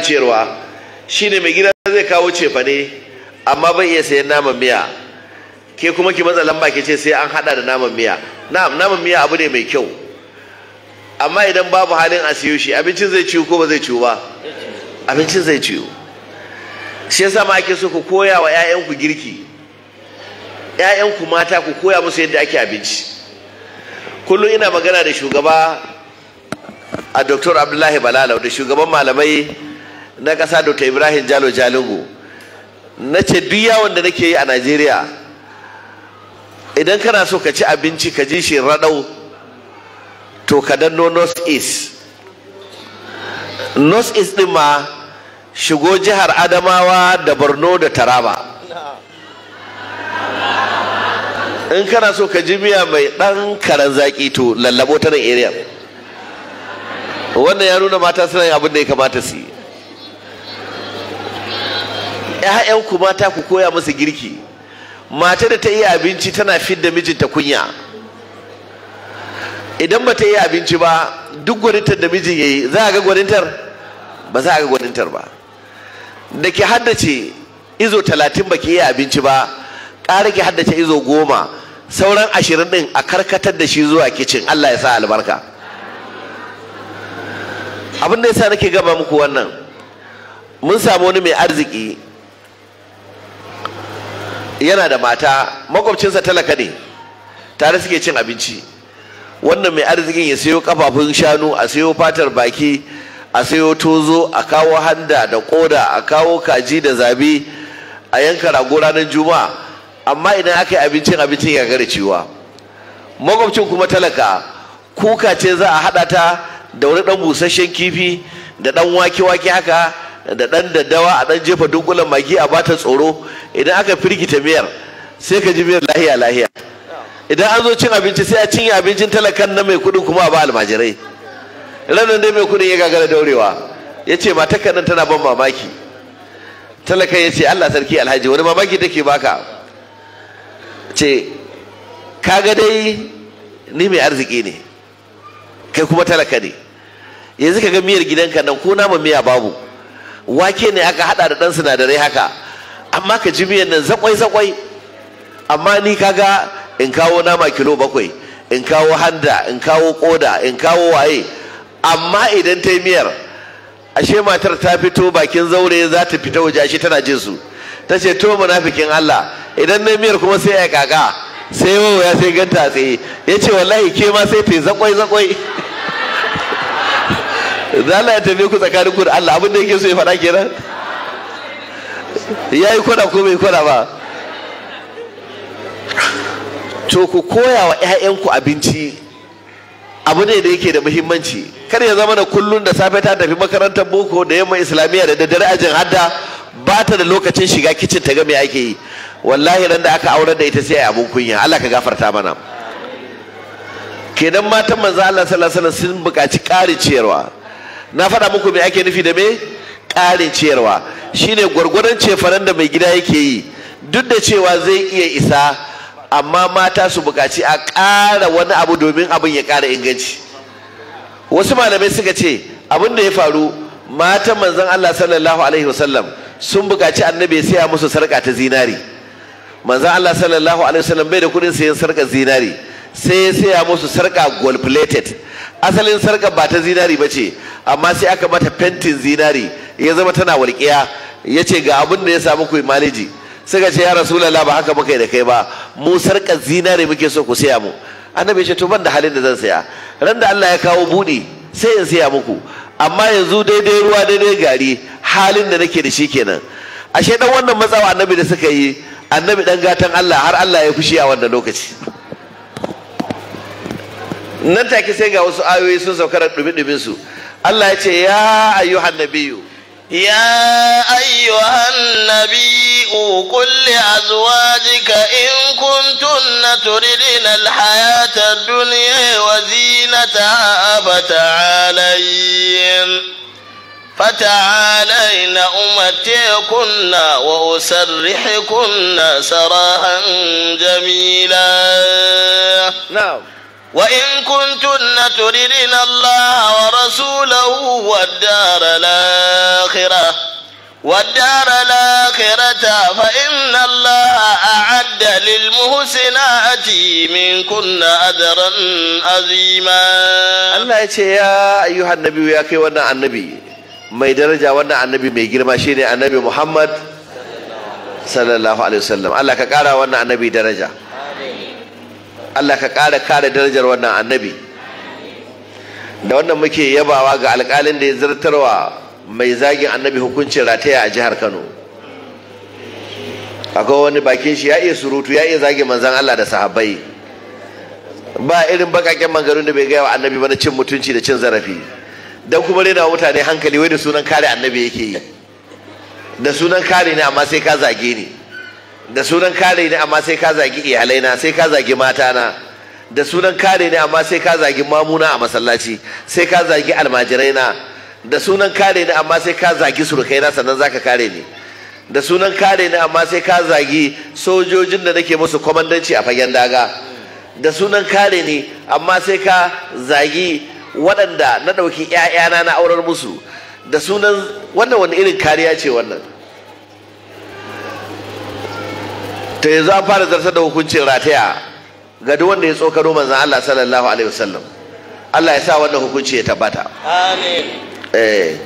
cewa ne mai gida zai kawo cefane amma bai iya sayan naman miya ke kuma ki matsa lamba ke ce sai an hada da naman miya na'am naman miya abu ne mai kyau amma idan babu halin a siyo shi abincin zai ciwo ko ba zai ciwo ba abincin zai ciwo shi yasa ma ake so ku koya wa 'ya'yanku girki 'ya'yanku mata ku koya musu yadda ake abinci kullum ina magana da shugaba a Dr. Abdullahi Balala da shugaban malamai na ƙasa Dr. Ibrahim Jalo Jalingo na ce duk yawon da nake yi a Najeriya idan kana so ka ci abinci ka ji shi raɗau to ka no North East North East ɗin ma shigo jihar Adamawa da Borno da Taraba in kana so ka ji miya mai ɗan karan zaƙi to lallabo ta nan area wannan ya nuna mata suna yin abin da ya kamata su yi 'ya'yanku mata ku koya musu girki mata da ta yi abinci tana da mijinta kunya idan ba ta yi abinci ba duk gwanintar da mijin ya yi za a ga gwanintar ba za a ga gwanintar ba da ke haddace izo talatin ba ke yi abinci ba ƙara ke haddace izo goma sauran ashirin ɗin a karkatar da shi zuwa kicin allah ya sa albarka abin da ya sa nake gaba muku wannan mun samu wani mai arziki yana da mata makwabcinsa talaka ne tare suke cin abinci wannan mai arzikin ya sayo kafafun shanu a sayo fatar baki a sayo tozo a kawo handa da koda a kawo kaji da zabi a yanka rago ranar juma'a amma idan aka yi abincin abincin ya gare cewa. makwabcin kuma talaka kuka ce za a haɗa ta da wani ɗan busasshen kifi da ɗan wake-wake haka da ɗan daddawa a ɗan jefa dunkulan magi a bata tsoro idan aka firgita miyar sai ka ji miyar lahiya lahiya idan an zo cin abinci sai a cinye abincin talakan na mai kuɗin kuma a ba almajirai ranar dai mai kuɗin ya gagara daurewa ya ce matakan nan tana ban mamaki Talakan ya ce allah sarki alhaji wani mamaki take baka ce kaga dai ni mai arziki ne kai kuma talaka ne yanzu ka ga miyar gidanka nan ko nama miya babu wake ne aka hada da dan sinadarai haka amma ka ji miyan nan zakwai zakwai amma ni kaga in kawo nama kilo bakwai in kawo handa in kawo koda in kawo waye amma idan ta yi miyar ashe matar ta fito bakin zaure za ta fita waje ashe tana jin su ta ce to munafikin Allah idan na miyar kuma sai ya kaka sai ya sai ganta tsaye ya ce wallahi ke ma sai ta zakwai zakwai zala ya tafiya ku tsakanin ku da Allah abin da yake so ya faɗa kenan ya yi kwana ko bai kwana ba to ku koya wa 'ya'yanku abinci abu ne da yake da muhimmanci kar ya zama da kullun da safe ta tafi makarantar boko da yamma islamiyya da daddare ajin hadda ba ta da lokacin shiga kicin ta ga me ake yi wallahi ran da aka aurar da ita sai abun kunya Allah ka gafarta mana kenan matan manzo Allah sallallahu sun buƙaci ƙari ciyarwa na faɗa muku me ake nufi da me ƙarin ciyarwa shine gwargwadon cefanen da mai gida yake yi duk da cewa zai iya isa amma mata su buƙaci a ƙara wani abu domin abin ya ƙara inganci wasu malamai suka ce abin da ya faru matan manzon Allah sallallahu alaihi wasallam sun buƙaci annabi ya saya musu sarƙa ta zinari manzon Allah sallallahu alaihi wasallam bai da kuɗin sayan sarƙar zinari sai ya saya musu sarƙa gold plated asalin sarkar ba ta zinari ba ce amma sai aka mata fentin zinari ya zama tana walƙiya ya ce ga abin da ya samu ku maleji suka ce ya rasulallah ba haka muka da kai ba mu sarkar zinari muke so ku siya mu annabi ce to ban da halin da zan saya ran da Allah ya kawo buɗi sai in siya muku amma yanzu daidai ruwa daidai gari halin da nake da shi kenan ashe dan wannan matsawa annabi da suka yi annabi dan gatan Allah har Allah ya fushi a wannan lokaci nan take sai ga wasu ayoyi sun sauka da ɗumi su Allah ya ce ya ayyuhan nabiyu ya ayyuhan nabiyu kulli azwajika in kuntunna turidin alhayata duniya wa zinata abata alayyin فتعالين أمتعكن وأسرحكن وإن كنتن تردن الله ورسوله والدار الآخرة والدار الآخرة فإن الله أعد للمحسنات منكن أجرا عظيما الله يا أيها النبي يا كي وانا النبي mai daraja wannan annabi mai girma shine annabi Muhammad sallallahu alaihi wasallam Allah ka kara wannan annabi daraja Allah ka ƙara kare darajar wannan annabi da wannan muke yabawa ga alƙalin da ya zartarwa mai zagin annabi hukuncin rataya a jihar Kano akwai wani bakin shi ya iya surutu ya iya zagin manzan Allah da sahabbai ba irin bakaken mangarin da bai gaya wa annabi ba na cin mutunci da cin zarafi dan kuma rena mutane hankali wai da sunan kare annabi yake yi da sunan kare ne amma sai ka zage ni da sunan kare ne amma sai ka zagi iyalai na sai ka zagi mata na da sunan kare ne amma sai ka zagi mamuna a masallaci sai ka zagi almajirai na da sunan kare ne amma sai ka zagi surukai na sannan zaka kare ni da sunan kare ne amma sai ka zagi sojojin da nake musu kwamandanci a fagen daga da sunan kare ne amma sai ka zagi waɗanda na ɗauki 'ya'yana na aurar musu da sunan wannan wani irin kariya ce wannan ta yanzu an fara zartar da hukuncin rataya ga duk wanda ya tsokano manzon Allah sallallahu alaihi wasallam Allah ya sa wannan hukunci ya tabbata amin eh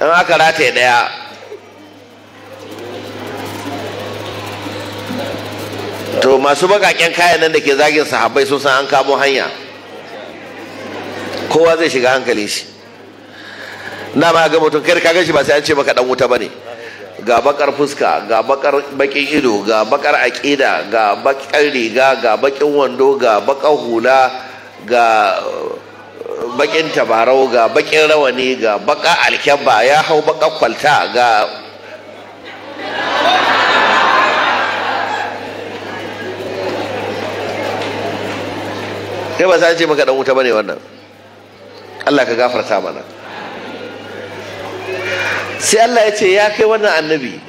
in aka rataya daya to masu bakaken kayan nan da ke zagin sahabbai sun san an kamo hanya kowa zai shiga hankali shi na ma ga mutum kai ka gashi shi ba sai an ce maka dan wuta bane ne ga bakar fuska ga bakar bakin ido ga bakar aƙida ga bakar riga ga bakin wando ga bakar hula ga uh, bakin tabarau ga bakin rawani ga baka alkyabba ya hau baka kwalta ga kai ba sa ce maka dan wuta bane wannan Allah ka gafarta mana sai Allah ya ce ya kai wannan annabi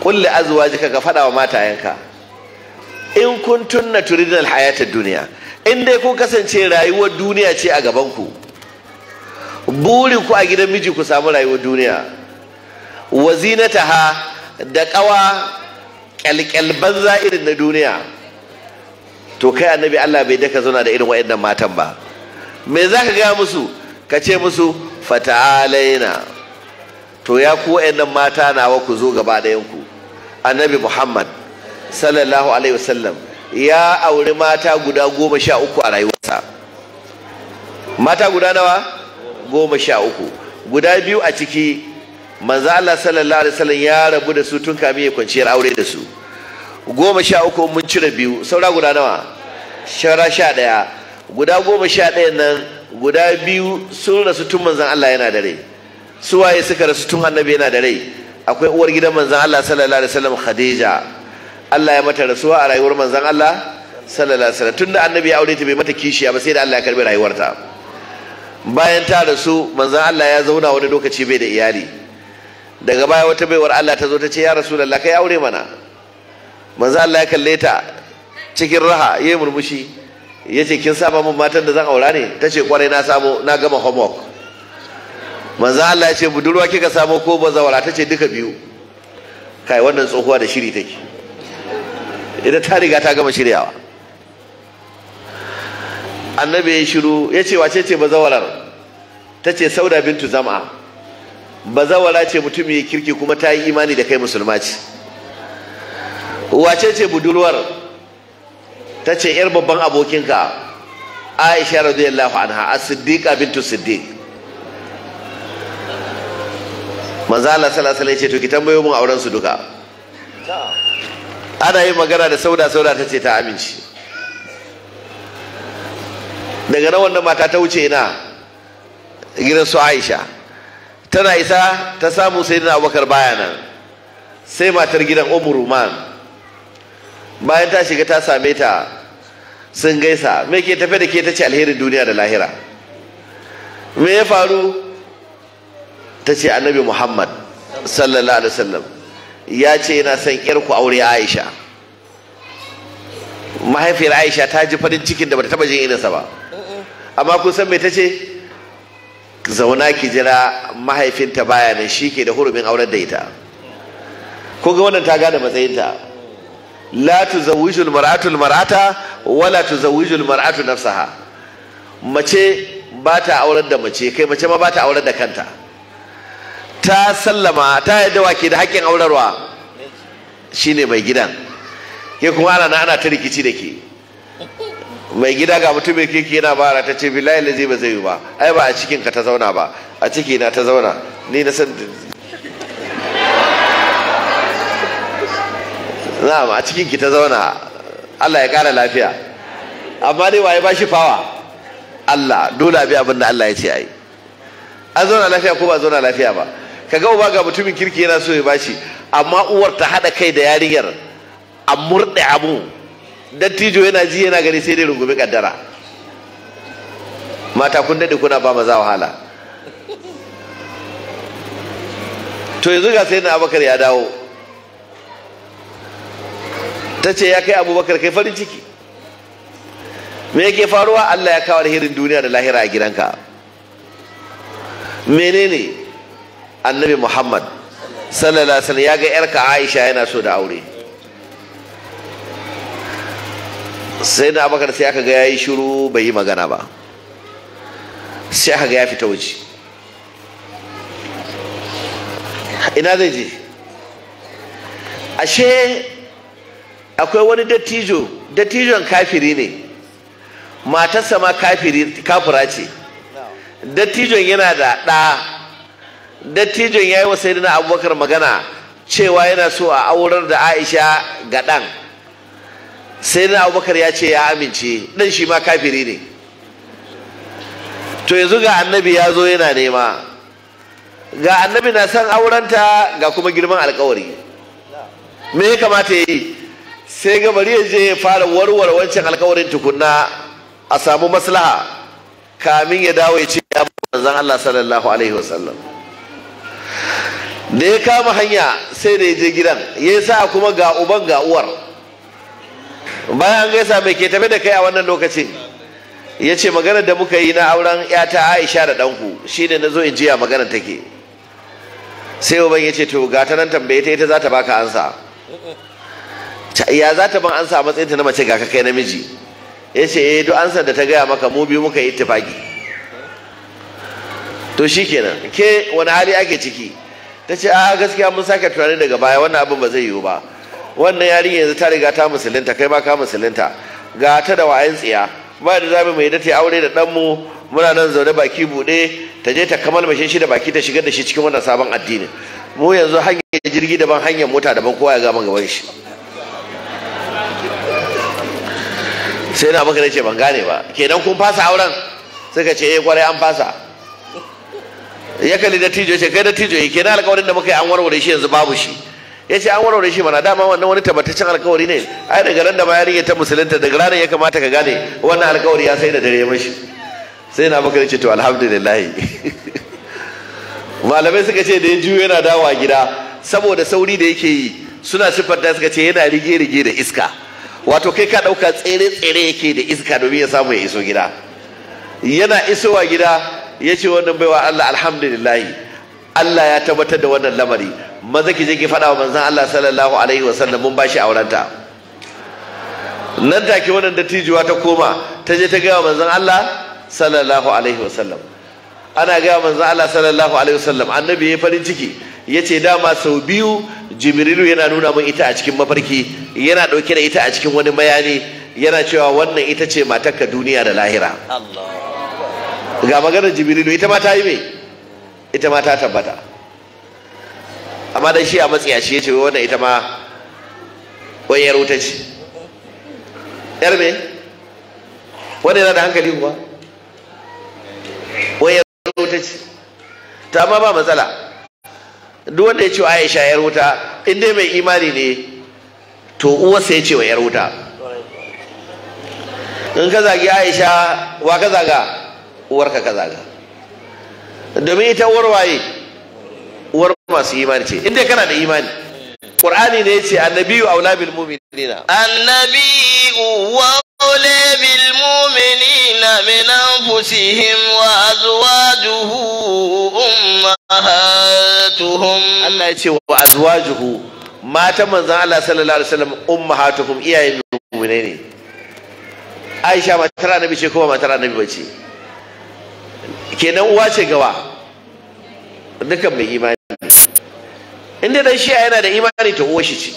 kulli azwajika ka faɗa wa matayenka in kun tunna turidin alhayata duniya in dai kun kasance rayuwar duniya ce a gaban ku burin ku a gidan miji ku samu rayuwar duniya taha da kawa ƙyalƙyal banza irin na duniya to kai annabi Allah bai daka zauna da irin waɗannan matan ba me za ka gaya musu ka ce musu fata'alaina to ya ku wa'annan mata nawa ku zo gaba ɗayanku annabi muhammad sallallahu alaihi wasallam ya auri mata guda goma sha uku a rayuwarsa mata guda nawa goma sha uku guda biyu a ciki manzo Allah sallallahu alaihi wasallam ya rabu da su tun kamin ya kwanciyar aure da su goma sha uku mun cire biyu saura guda nawa shara sha ɗaya guda goma sha ɗaya nan guda biyu sun rasu tun manzan Allah yana da rai suwaye suka rasu tun annabi yana da rai akwai uwar gidan manzan Allah sallallahu alaihi wasallam Khadija Allah ya mata rasuwa a rayuwar manzan Allah sallallahu alaihi wasallam tunda annabi ya aure ta bai mata kishiya ba sai da Allah ya karbi rayuwarta bayan ta rasu manzan Allah ya zauna wani lokaci bai da iyali daga baya wata baiwar Allah ta zo ta ce ya rasulullah kai aure mana manzan Allah ya kalle ta cikin raha yayin murmushi ya ce kin saba min matan da zan aura ne ta ce kwarai na samu na gama homework manzo Allah ya ce budurwa kika samu ko bazawara ta ce duka biyu kai wannan tsohuwa da shiri take idan ta riga ta gama shiryawa annabi ya shiru ya ce wace ce bazawarar ta ce sauda bintu zama bazawara ce mutum ya kirki kuma ta yi imani da kai musulma ce wace ce budurwar ta ce yar babban abokinka aisha radiyallahu anha as-siddiqa bintu siddiq manzo Allah sallallahu alaihi ce to ki tambayo mun auren su duka ana yin magana da sauda sauda ta ce ta amince daga na wannan mata ta wuce ina gidan su Aisha tana isa ta samu na Abubakar baya nan sai matar gidan Ummu Ruman bayan ta shiga ta same ta sun gaisa me ke tafe da ke ta ce alherin duniya da lahira me ya faru ta ce annabi muhammad sallallahu alaihi wasallam ya ce yana son ku aure aisha mahaifiyar aisha ta ji farin cikin da bata taba jin irinsa ba amma kun san me ta ce zauna ki jira mahaifinta baya nan shi ke da hurumin aurar da ita ko ga wannan ta gane matsayinta la tuzawwijul mar'atul mar'ata wala tuzawwijul mar'atu nafsaha mace ba ta aurar da mace kai mace ma ba ta aurar da kanta ta sallama ta yadda wake da haƙƙin aurarwa shine mai gidan ke kuma ana ana ta rikici da ke mai gida ga mutum mai keke yana bara ta ce billahi lazi ba zai yi ba ai ba a cikinka ta zauna ba a ciki na ta zauna ni na san na'am a cikin ki ta zauna Allah ya kara lafiya amma dai waye ba shi fawa Allah dole bi abin da Allah ya ce ai an zauna lafiya ko ba zauna lafiya ba kaga uba ga mutumin kirki yana so ya bashi amma uwar ta hada kai da yarinyar a murɗe abu dattijo yana ji yana gani sai dai rungumi kaddara mata kun dade kuna ba maza wahala to yanzu ga sai na abakar ya dawo ta ce ya kai abubakar kai farin ciki me yake faruwa allah ya kawo alherin duniya da lahira a gidanka menene annabi muhammad sallallahu alaihi ya ga yarka aisha yana so da aure sai na abakar sai aka ga ya yi shiru bai yi magana ba sai aka ga ya fita waje ina zai je ashe akwai wani dattijo dattijon kafiri ne matarsa ma kafira ce dattijon yana da ɗa dattijon ya yi wa sai abubakar magana cewa yana so a aurar da aisha ga ɗan sai abubakar ya ce ya amince ɗan shi ma kafiri ne to yanzu ga annabi ya zo yana nema ga annabi na son aurenta ga kuma girman alkawari me ya kamata ya yi sai gabari ya je ya fara warware wancan alkawarin tukunna a samu maslaha kamin ya dawo ya ce ya ba zan Allah sallallahu alaihi wasallam da ya kama hanya sai da ya je gidan ya sa kuma ga uban ga uwar bayan gaisa mai ke tafi da kai a wannan lokacin ya ce maganar da muka yi na auren yata aisha da d'anku, shi ne na zo in jiya maganar take sai uban ya ce to ga ta nan tambaye ta ita za ta baka ansa ya za ta ban ansa a matsayin ta na mace ga kai namiji ya ce eh duk ansa da ta gaya maka mu biyu muka yi tafagi to shikenan ke wani hali ake ciki ta ce a ah, gaskiya mun sake tunani daga baya wannan abin ba zai yiwu ba wannan yarinya yanzu ta riga ta musulunta kai ma ka musulunta ga ta da wa'ayin tsiya ba da zamu mai dace aure da dan mu muna nan zaune baki bude ta je ta kamalmashe shi da baki ta shigar da shi cikin wannan sabon addini mu yanzu hanyar jirgi daban hanyar mota daban kowa ya ga gama gaban shi sai na baka ce ban gane ba kenan kun fasa auren suka ce eh kwarai an fasa ya kalli da tijo ce kai da tijo yi kenan alkawarin da muka yi an warware shi yanzu babu shi ya ce an warware shi mana dama wannan wani tabbataccen alkawari ne ai daga ran da ma yarinya ta musulunta daga ranar ya kamata ka gane wannan alkawari ya sai da dare mashi sai na baka ce to alhamdulillah malamai suka ce da ya juyo yana dawowa gida saboda sauri da yake yi suna da suka ce yana rige-rige da iska wato kai ka ɗauka tsere-tsere yake da iska domin ya samu ya iso gida yana isowa gida ya ce wannan baiwa Allah alhamdulillahi Allah ya tabbatar da wannan lamari maza ki je ki faɗa wa manzon Allah sallallahu alaihi wa sallam mun bashi aurenta nan take wannan dattijuwa ta koma ta je ta ga manzon Allah sallallahu alaihi wa sallam ana ga manzon Allah sallallahu alaihi wa sallam annabi ya farin ciki ya ce dama sau biyu jibrilu yana nuna mun ita a cikin mafarki yana ɗauke da ita a cikin wani bayani yana cewa wannan ita ce matakka duniya da lahira ga maganar jibrilu ita ma ta yi me ita ma ta tabbata amma dan shi a matsiya shi ya ce wannan ita ma wayar wuta ce yar me wanda yana da hankali kuwa wayar wuta ce ta ma ba matsala duk wanda ya ce wa Aisha yar wuta in dai mai imani ne to uwarsa ya ce wa yar wuta in ka zagi Aisha wa ka zaga uwarka ka zaga domin ita uwar waye uwar masu imani ce in dai kana da imani Qur'ani ne yace annabiyu aula bil mu'minina annabiyu wa aula bil mu'minina min anfusihim wa azwajuhu ummahatuhum Allah yace wa azwajuhu mata manzon Allah sallallahu alaihi wasallam ummahatuhum iyayen mu'mine ne Aisha matar annabi ce kuma matar annabi bace kenan uwa ce gawa dukan mai imani in dai dan shi'a yana da imani ta uwashi ce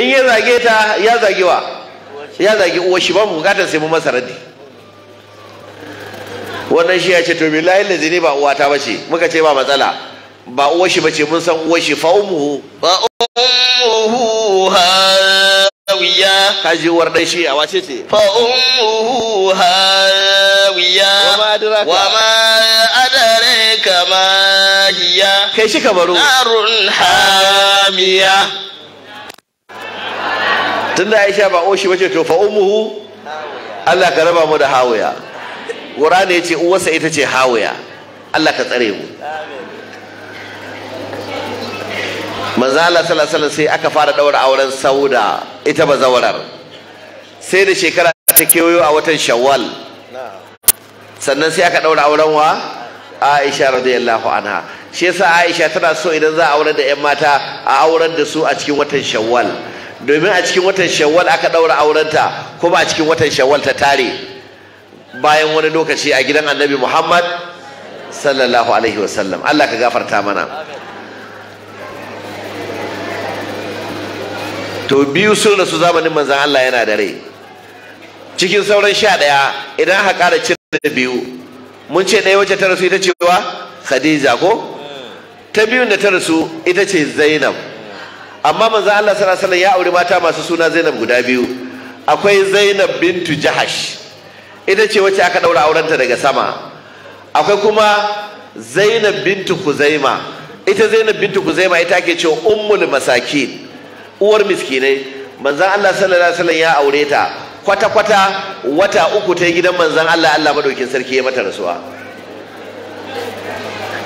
in ya zage ta ya zage wa ya zage uwashi ba mu bukatar sai mu masa raddi wannan shi ya ce to billahi lazi ne ba uwata ba ce muka ce ba matsala ba uwashi ba ce mun san uwashi fa ummuhu fa ummuhu hawiya kaji uwar dan shi a wace ce fa ummuhu hawiya wa ma adraka wa ma dahiya kai shi ka baro narun hamiya tunda Aisha ba oshi bace to fa ummuhu Allah ka raba mu da hawaya Qur'ani ce uwarsa ita ce hawaya Allah ka tsare mu manzo Allah sallallahu alaihi sai aka fara daura auren sauda ita ba bazawarar sai da shekara ta kewayo a watan shawwal sannan sai aka daura auren wa Aisha radiyallahu anha shi yasa Aisha tana so idan za a aurar da ƴan mata a aurar da su a cikin watan Shawwal domin a cikin watan Shawwal aka daura aurenta kuma a cikin watan Shawwal ta tare bayan wani lokaci a gidan Annabi Muhammad sallallahu alaihi wasallam Allah ka gafarta mana to biyu sun rasu zamanin manzon Allah yana da rai cikin sauran sha ɗaya idan aka ƙara cin da biyu mun ce ɗaya wacce ta rasu ita ce wa khadija ko ta biyu da ta rasu ita ce zainab amma manzo Allah sallallahu alaihi ya auri mata masu suna zainab guda biyu akwai zainab bintu jahash ita ce wacce aka daura aurenta daga sama akwai kuma zainab bintu kuzaima ita zainab bintu kuzaima ita ke ce ummul masakin uwar miskinai manzo Allah sallallahu alaihi ya aure ta kwata-kwata wata uku ta yi gidan manzan Allah Allah madaukin sarki ya mata rasuwa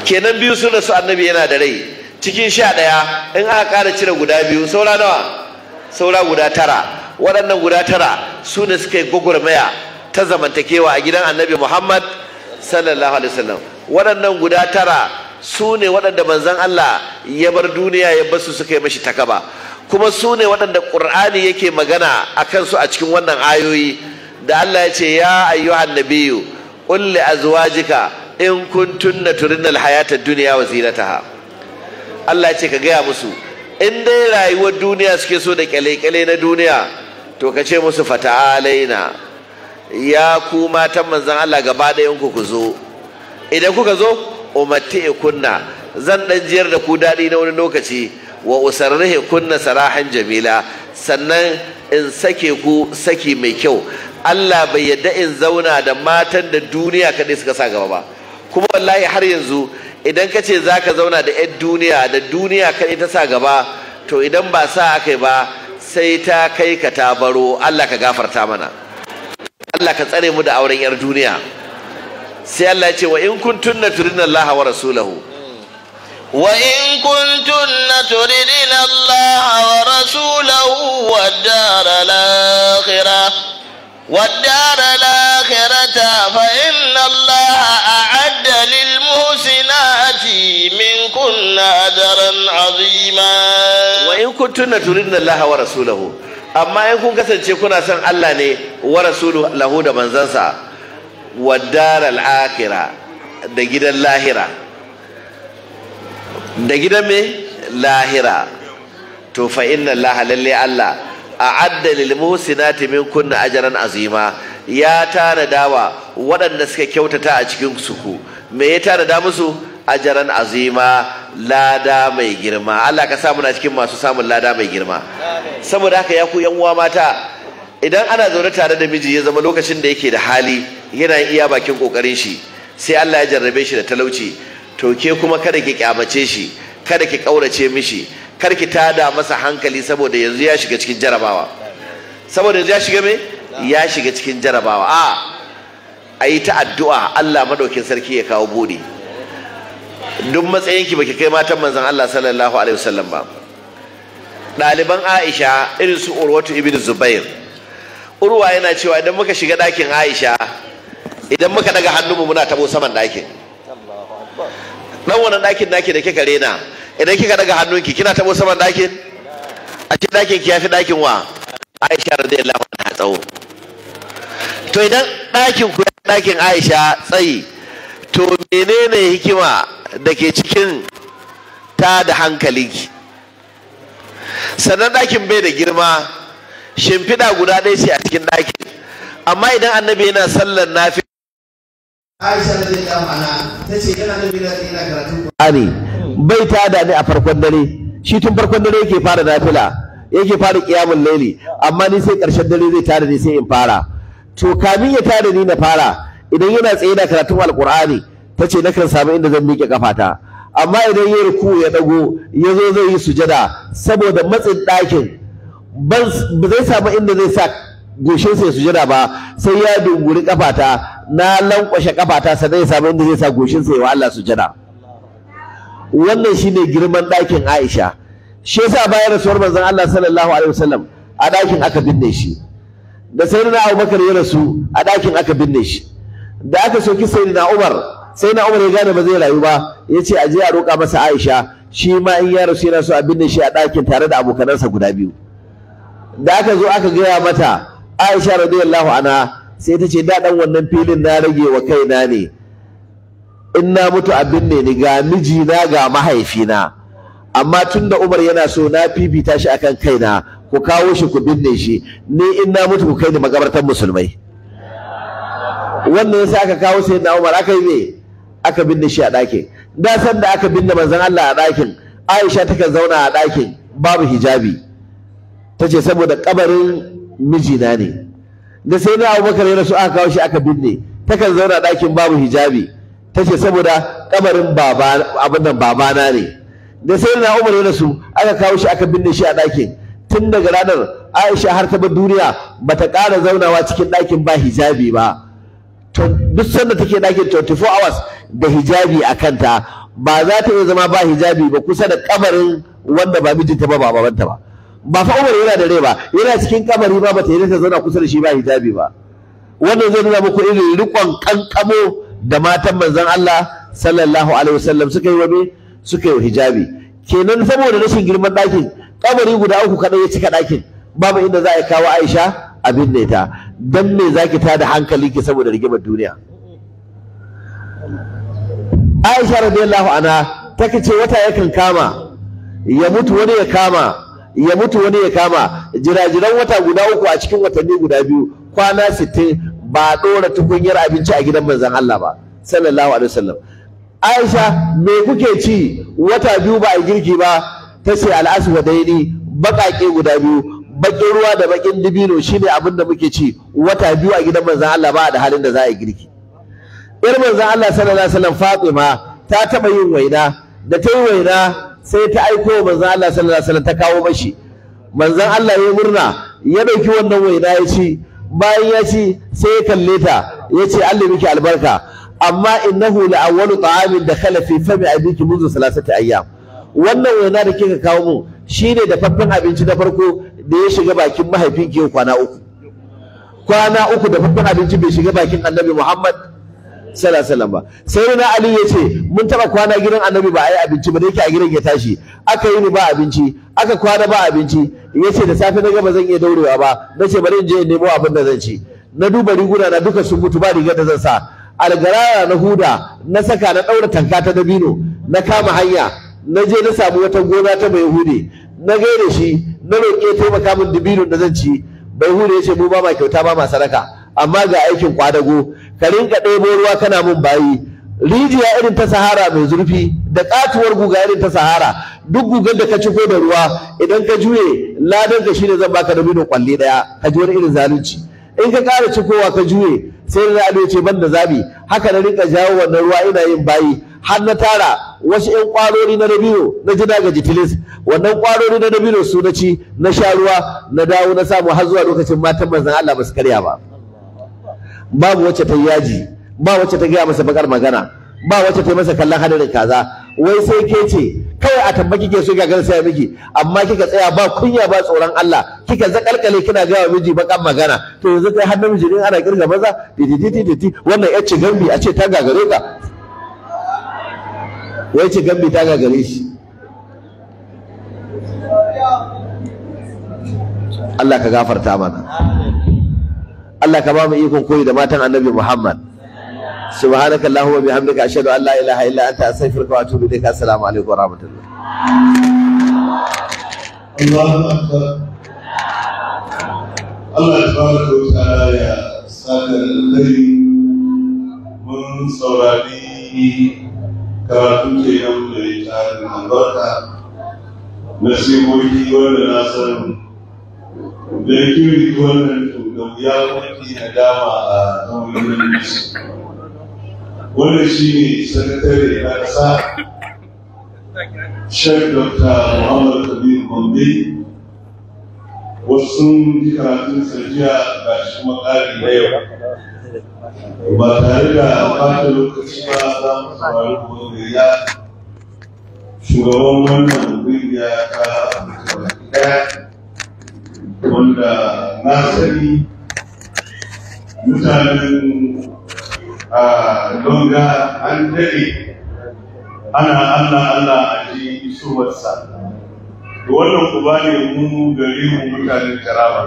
kenan biyu sun rasu annabi yana da rai cikin sha ɗaya in aka ƙara cire guda biyu saura nawa saura guda tara waɗannan guda tara su ne suka yi gwagwarmaya ta zamantakewa a gidan annabi muhammad sallallahu alaihi wasallam waɗannan guda tara su ne waɗanda manzan Allah ya bar duniya ya basu suka yi mashi takaba kuma su ne waɗanda ƙur'ani yake magana a kansu a cikin wannan ayoyi da Allah ya ce ya ayyuhan nabiyyu a zuwa azwajika in kuntunna turinna alhayata duniya dunya wa zinataha Allah ya ce ka gaya musu in dai rayuwar duniya suke so da kyale-kyale na duniya to ka ce musu alaina. ya ku matan manzon Allah gaba ɗayan ku ku zo idan kuka zo kunna. zan ɗan jiyar da ku daɗi na wani lokaci wa usarrihi kunna sarahan jamila sannan in sake ku saki mai kyau Allah bai yadda in zauna da matan da duniya kaɗai suka sa gaba ba kuma wallahi har yanzu idan ka ce za ka zauna da 'yan duniya da duniya kadai ta sa gaba to idan ba sa aka yi ba sai ta kai ka ta baro Allah ka gafarta mana Allah ka tsare mu da auren 'yar duniya sai Allah ya ce wa in kuntunna turinna Allah wa rasulahu وإن كنتن تردن الله ورسوله والدار الآخرة والدار الآخرة فإن الله أعد للمحسنات منكن أجرا عظيما وإن كنتن تردن الله ورسوله أما إن كنت kasance kuna son Allah ne wa rasuluhu da manzansa wa daral akhirah da gidan lahira da gidan me lahira to fa inna Allah lalle Allah a'adda lil musinati min kunna ajran azima ya tara dawa waɗanda suka kyautata a cikin suku me ya tara da musu ajran azima lada mai girma Allah ka sa na cikin masu samun lada mai girma saboda haka ya ku yan uwa mata idan ana zaune tare da miji ya zama lokacin da yake da hali yana iya bakin kokarin shi sai Allah ya jarrabe shi da talauci to ke kuma kada ki kyamace shi kada ki kaurace mishi kar ki tada masa hankali saboda yanzu ya shiga cikin jarabawa saboda yanzu ya shiga me ya shiga cikin jarabawa a a yi ta addu'a Allah madaukin sarki ya kawo bude. duk matsayinki baki kai matan manzon Allah sallallahu alaihi wasallam ba Daliban Aisha irin su Urwatu ibn Zubair Urwa yana cewa idan muka shiga ɗakin Aisha idan muka daga hannunmu muna tabo saman ɗakin nan wannan ɗakin naki da kika rena idan kika daga hannunki kina taɓo saman ɗakin a cikin ɗakin ki yafi ɗakin wa Aisha radiyallahu anha tsawo to idan ɗakin ku ɗakin Aisha tsayi to menene hikima da ke cikin ta da hankalinki sannan ɗakin bai da girma shimfiɗa guda ɗaya ce a cikin ɗakin amma idan annabi yana sallar nafi Aisha radiyallahu ta ce yana da bila yana karatun Qur'ani bai ta da ni a farkon dare shi tun farkon dare yake fara nafila yake fara ƙiyamun laili amma ni sai ƙarshen dare zai tada ni sai in fara to kamin ya tada ni na fara idan yana tsaye da karatun alqur'ani tace nakan samu inda zan miƙe kafata amma idan ya ruku ya dago ya zo zai yi sujada saboda matsin ɗakin ban zai samu inda zai sa goshinsa ya sujada ba sai ya dunguri kafata na lankwashe kafata sa zai samu inda zai sa goshin sa wa Allah jira. wannan shine girman ɗakin Aisha shi yasa bayan rasuwar manzon Allah sallallahu alaihi wasallam a ɗakin aka binne shi da sayyidina Abubakar ya rasu a ɗakin aka binne shi da aka soki sayyidina Umar sayyidina Umar ya gane ba zai rayu ba yace aje a roka masa Aisha shi ma in ya rasu yana so a binne shi a ɗakin tare da abokanansa guda biyu da aka zo aka gaya mata Aisha radiyallahu anha sai ta ce da ɗan wannan filin na rage wa kaina ne in na mutu abin ne ni ga mijina ga mahaifina amma tun da Umar yana so na fifita shi akan kaina ku kawo shi ku binne shi ni in na mutu ku kai ni magabartan musulmai wannan yasa aka kawo sai na Umar aka yi me aka binne shi a ɗakin da san da aka binne manzon Allah a ɗakin Aisha takan zauna a ɗakin babu hijabi tace saboda kabarin mijina ne da sai na bakar ya rasu aka kawo shi aka binne takan zauna ɗakin babu hijabi ta ce saboda kamarin abin babana ne da sai na umar ya rasu aka kawo shi aka binne shi a ɗakin tun daga ranar aisha har ta bar duniya ba ta ƙara zaunawa cikin ɗakin ba hijabi ba duk sanda take ɗakin 24 hours da hijabi a kanta ba za ta iya zama ba hijabi ba kusa da kamarin wanda ba mijinta ba ba babanta ba ba fa Umar yana da rai ba yana cikin kabari ba bata yi ta zauna kusa da shi ba hijabi ba wannan zai nuna muku irin rikon kankamo da matan manzon Allah sallallahu alaihi wasallam suka yi wabe suka yi hijabi kenan saboda rashin girman ɗakin kabari guda uku kaɗai ya cika ɗakin babu inda za a kawo Aisha abin da ita dan me zaki ta da hankali ki saboda rigimar duniya Aisha radiyallahu anha ta ce wata yakan kama ya mutu wani ya kama ya mutu wani ya kama jirajiran wata guda uku a cikin watanni guda biyu kwana sittin ba a ɗora tukunyar abinci a gidan manzan Allah ba sallallahu alaihi wasallam Aisha me kuke ci wata biyu ba a girki ba ta ce al'asu al'aswa daini baƙaƙe guda biyu baƙin ruwa da baƙin dibino shine abin da muke ci wata biyu a gidan manzan Allah ba da halin da za a girki yar manzan Allah sallallahu alaihi wasallam Fatima ta taɓa yin waina da ta yi waina sai ta aiko manzon Allah sallallahu alaihi wasallam ta kawo mashi manzon Allah ya murna ya ɗauki wannan waina ya ci bayan ya ci sai ya kalle ta ya ce Allah miki albarka amma innahu la awwalu ta'amin dakhala fi fami abiki منذ salasati ayyam wannan waina da kika kawo mu shine da faffan abinci na farko da ya shiga bakin mahaifinki kwana uku kwana uku da abinci bai shiga bakin Annabi Muhammad sallallahu ba sai na ali ya ce mun taba kwana gidan annabi ba ayi abinci ba da ke a gidan ya tashi aka yi ni ba abinci aka kwana ba abinci ya ce da safe na ga ba zan iya daurewa ba na ce bari in je in nemo abin da zan ci na duba riguna na duka sun mutu ba rigar da zan sa algarara na huda na saka na daura tanka ta dabino na kama hanya na je na samu wata gona ta bai hude na gaida shi na roƙe taimaka min dabino da zan ci bai hude ya ce mu ba ma kyauta ba ma sadaka amma ga aikin kwadago ka rinka ɗebo ruwa kana mun bayi rijiya irin ta sahara mai zurfi da katuwar guga irin ta sahara duk gugan da ka ciko da ruwa idan ka juye ladan ka shine zan baka da bidon kwalle daya ka ji wani irin zalunci in ka ƙara cikowa ka juye sai na ado ce ban da zabi haka na rinka jawo wannan ruwa ina yin bayi har na tara wasu ƴan ƙwarori na dabino na jina ga jitilis wannan ƙwarori na dabino su na ci na sha ruwa na dawo na samu har zuwa lokacin matan manzon Allah ba su karya ba babu wacce ta yaji ba wacce ta gaya masa bakar magana ba wacce ta masa kallon hadarin kaza wai sai ke ce 'Kai a tambaki kike so ga sai miki amma kika tsaya ba kunya ba tsoron Allah kika zakalkale kina ga miji bakar magana to yanzu kai har namiji din ana kirga maza titi wannan ya ce gambi a ce ta gagare ka wai ce gambi ta gagare shi Allah ka gafarta mana amin Allah ka ba mu ikon koyi da matan annabi Muhammad subhanaka allahumma bihamdika ashhadu an la ilaha illa anta astaghfiruka wa atubu ilayka assalamu alaikum wa rahmatullah Allahu akbar Allah ya wa ta'ala ya sakar dai mun saurari karatu ke yau da ita da albarka nasihohi wanda na san da yake wannan da wuya wani na dama a zamanin su wanda shi ne sanatare na ƙasa shek dr muhammad kabir gombe wasu karatun sarjiya ga shi makari na yau ba tare da ɓata lokaci ba za mu saurari godiya shugaban wannan ƙungiya ta ɗaya wanda na sani mutanen a donga an dare ana allah allah a ji isowarsa da wannan ba ne mu gari mu mutanen jaraba.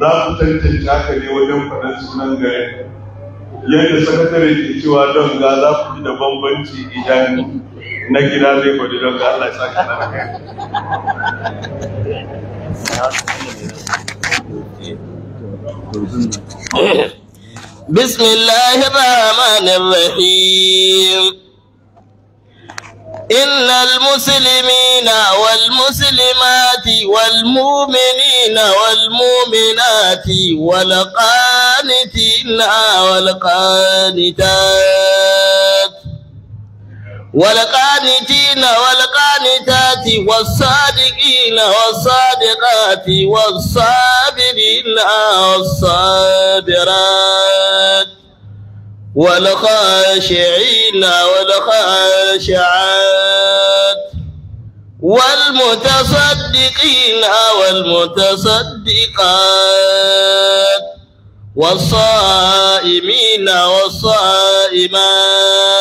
za ku tantance haka ne wajen faɗin sunan gari? yadda sakatare ke cewa donga za ku ji da bambanci ijani بسم الله الرحمن الرحيم إن المسلمين والمسلمات والمؤمنين والمؤمنات والقانتين والقانتات والقانتين والقانتات والصادقين والصادقات والصابرين والصابرات والخاشعين والخاشعات والمتصدقين والمتصدقات والصائمين والصائمات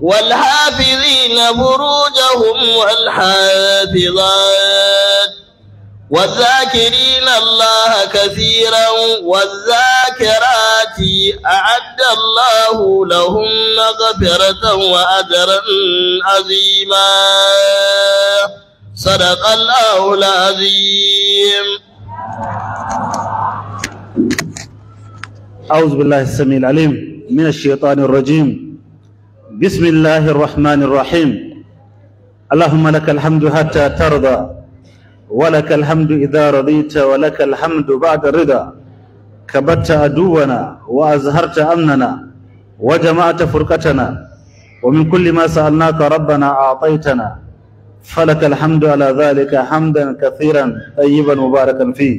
والحافظين فروجهم والحافظات والذاكرين الله كثيرا والذاكرات أعد الله لهم مغفرة وأجرا عظيما صدق الله العظيم أعوذ بالله السميع العليم من الشيطان الرجيم بسم الله الرحمن الرحيم اللهم لك الحمد حتى ترضى ولك الحمد إذا رضيت ولك الحمد بعد الرضا كبت عدونا وأزهرت أمننا وجمعت فرقتنا ومن كل ما سألناك ربنا أعطيتنا فلك الحمد على ذلك حمدا كثيرا طيبا مباركا فيه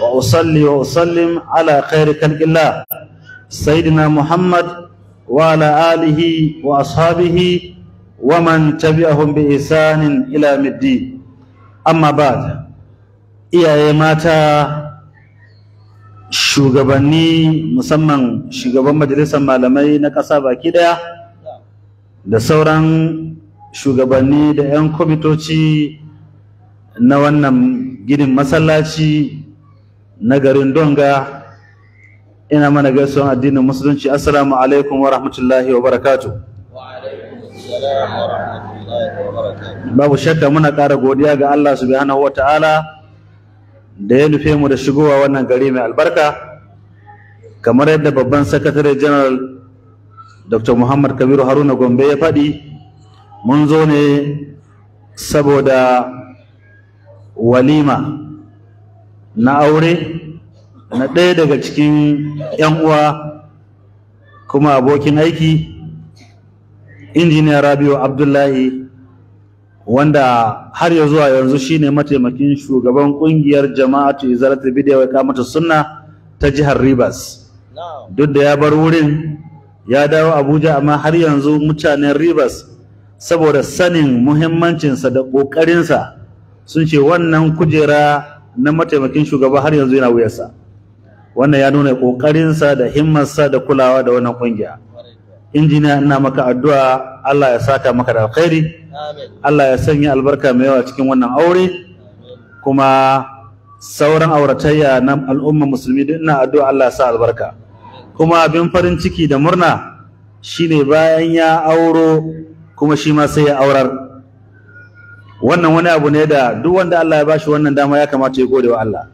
وأصلي وأسلم على خير خلق الله سيدنا محمد وعلى آله وأصحابه ومن تبعهم بإحسان إلى الدين أما بعد iyaye mata shugabanni musamman shugaban majalisar malamai na ƙasa baki ɗaya da sauran shugabanni da 'yan kwamitoci na wannan ginin masallaci na garin donga ina mana gaisuwan addinin musulunci assalamu alaikum wa rahmatullahi wa barakatu. babu shakka muna ƙara godiya ga Allah subhanahu ta'ala da ya nufe mu da shigowa wannan gari mai albarka kamar yadda babban sakatare general dr muhammad kabiru haruna gombe ya faɗi mun zo ne saboda walima na aure na ɗaya daga cikin 'yan uwa kuma abokin aiki injiniya rabiu abdullahi wanda har ya zuwa yanzu shine mataimakin shugaban kungiyar jama'atu izalatu bid'a wa iqamatu sunna ta jihar Rivers duk da ya bar wurin ya dawo Abuja amma har yanzu mutanen Rivers saboda sanin muhimmancinsa da ƙoƙarinsa sun ce wannan kujera na mataimakin shugaba har yanzu yana wuyarsa wannan ya nuna ƙoƙarinsa da himmarsa da kulawa da wannan ƙungiya injiniya ina maka addu'a Allah ya saka maka da alkhairi Allah ya sanya albarka mai yawa cikin wannan aure kuma sauran auratayya na al'umma musulmi duk ina addu'a Allah ya sa albarka kuma abin farin ciki da murna shine bayan ya auro kuma shi ma sai ya aurar wannan wani abu ne da duk wanda Allah ya bashi wannan dama ya kamata ya gode wa Allah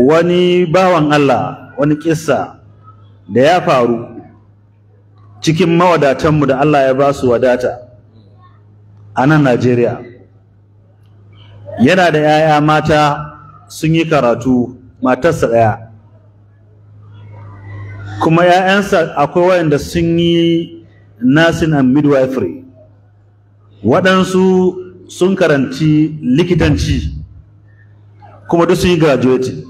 wani bawan Allah wani kissa da ya faru cikin mawadatanmu da Allah ya ba su wadata a nan Najeriya yana da 'ya'ya mata sun yi karatu matarsa ɗaya kuma 'ya'yansa akwai wayanda sun yi nursing and midwifery waɗansu sun karanci likitanci kuma duk sun yi graduating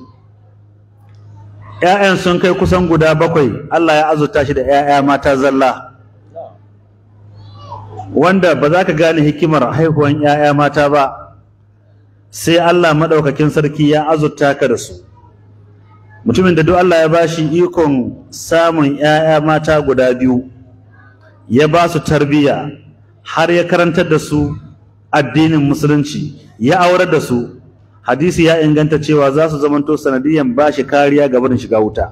Ya'yan sun kai kusan guda bakwai Allah ya azurta shi da 'ya'ya mata zalla wanda ba za ka gane hikimar haihuwan 'ya'ya mata ba sai Allah maɗaukakin sarki ya azurta ka da su mutumin da duk Allah ya ba shi ikon samun 'ya'ya mata guda biyu ya ba su tarbiyya har ya karantar da su addinin musulunci ya aurar da su hadisi ya inganta cewa za su zamanto sanadiyan ba shi kariya ga barin shiga wuta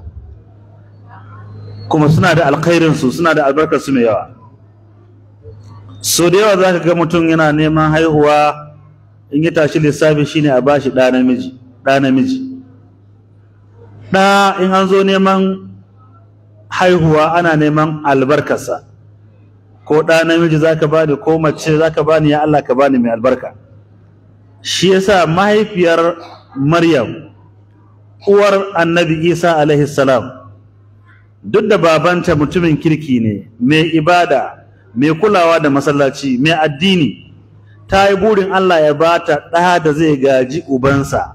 kuma suna da alkhairin su suna da albarkar su mai yawa so da yawa zaka ga mutum yana neman haihuwa in ya tashi lissafi shine a bashi ɗa namiji ɗa namiji ɗa in an zo neman haihuwa ana neman albarkarsa ko ɗa namiji zaka bani ko mace zaka bani ya Allah ka bani mai albarka shi yasa mahaifiyar Maryam uwar Annabi Isa alaihi salam duk da babanta mutumin kirki ne mai ibada mai kulawa da masallaci mai addini ta yi burin Allah ya bata ɗa da zai gaji ubansa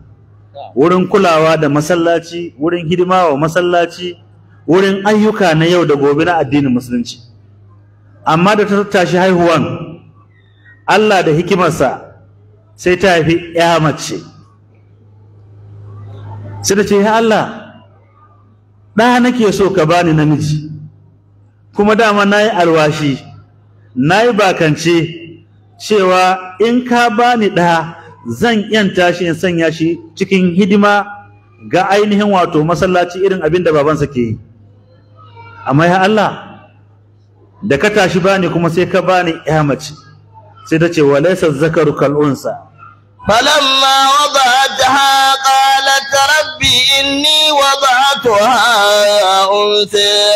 wurin kulawa da masallaci wurin hidima wa masallaci wurin ayyuka na yau da gobe na addinin musulunci amma da ta tashi haihuwan Allah da hikimarsa sai ta haifi ya mace sai ta ce ya Allah ɗa nake so ka bani namiji kuma dama na yi alwashi na yi bakance cewa in ka bani ɗa zan yanta shi in sanya shi cikin hidima ga ainihin wato masallaci irin abin da babansa ke yi amma ya Allah da ka tashi bani kuma sai ka bani ya mace sai ta ce wa zakaru kal'unsa فلما وضعتها قالت رب إني وضعتها أنثى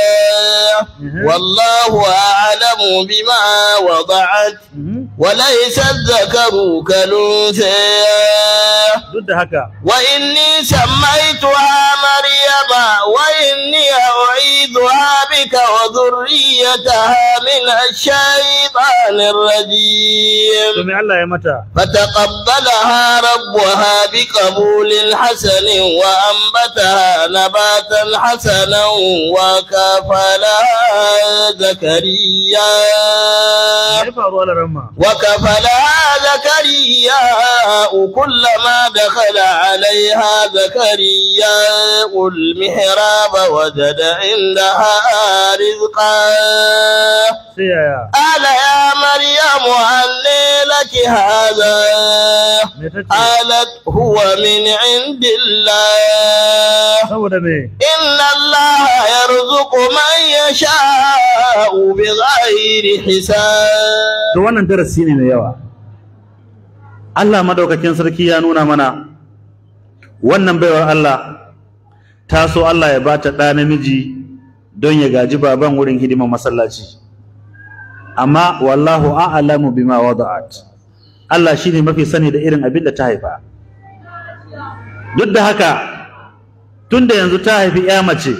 والله أعلم بما وضعت وليس الذكر كالأنثى وإني سميتها مريم وإني أعيذها بك وذريتها من الشيطان الرجيم فتقبلها ربها بقبول حسن وأمر فأنبتها نباتا حسنا وكفلا زكريا وكفلا زكريا كلما دخل عليها زكريا المحراب وجد عندها رزقا قال يا مريم هل لك هذا قالت هو من عند الله saboda me sha, Allah yarzuqu man yasha'u hisab to wannan darasi ne mai yawa Allah madaukakin sarki ya nuna mana wannan baiwar Allah ta so Allah ya bata ɗa namiji don ya gaji baban wurin hidimar masallaci amma wallahu a'lamu bima wada'at Allah shine mafi sani da irin abin da ta haifa duk da haka tunda yanzu ta haifi ya mace